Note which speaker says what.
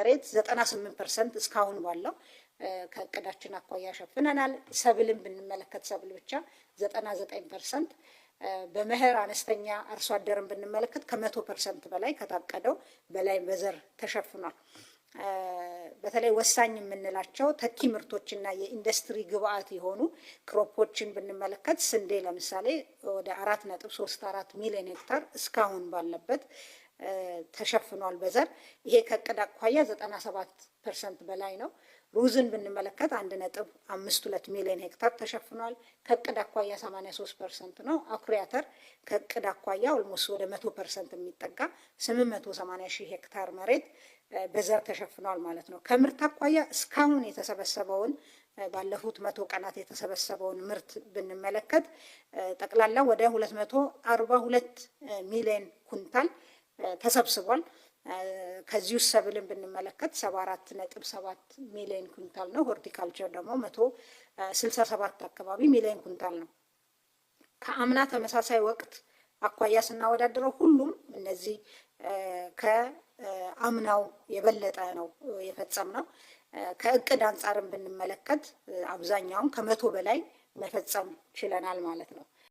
Speaker 1: መሬት ዘጠና ስምንት ፐርሰንት እስካሁን ባለው ከእቅዳችን አኳያ ሸፍነናል። ሰብልን ብንመለከት ሰብል ብቻ ዘጠና ዘጠኝ ፐርሰንት በመኸር አነስተኛ አርሶ አደርን ብንመለከት ከመቶ ፐርሰንት በላይ ከታቀደው በላይ በዘር ተሸፍኗል። በተለይ ወሳኝ የምንላቸው ተኪ ምርቶችና የኢንዱስትሪ ግብአት የሆኑ ክሮፖችን ብንመለከት ስንዴ ለምሳሌ ወደ አራት ነጥብ ሶስት አራት ሚሊዮን ሄክታር እስካሁን ባለበት ተሸፍኗል በዘር ይሄ ከቅድ አኳያ ዘጠና ሰባት ፐርሰንት በላይ ነው። ሩዝን ብንመለከት አንድ ነጥብ አምስት ሁለት ሚሊዮን ሄክታር ተሸፍኗል። ከቅድ አኳያ 83 ፐርሰንት ነው። አኩሪ አተር ከቅድ አኳያ ኦልሞስት ወደ መቶ ፐርሰንት የሚጠጋ 880 ሺህ ሄክታር መሬት በዘር ተሸፍኗል ማለት ነው። ከምርት አኳያ እስካሁን የተሰበሰበውን ባለፉት መቶ ቀናት የተሰበሰበውን ምርት ብንመለከት ጠቅላላ ወደ 2መቶ ሁለት ሚሊዮን ኩንታል ተሰብስቧል። ከዚሁ ሰብልን ብንመለከት ሰባ አራት ነጥብ ሰባት ሚሊዮን ኩንታል ነው። ሆርቲካልቸር ደግሞ መቶ ስልሳ ሰባት አካባቢ ሚሊዮን ኩንታል ነው። ከአምና ተመሳሳይ ወቅት አኳያ ስናወዳድረው ሁሉም እነዚህ ከአምናው የበለጠ ነው የፈጸም ነው። ከእቅድ አንጻርም ብንመለከት አብዛኛውን ከመቶ በላይ መፈጸም ችለናል ማለት ነው።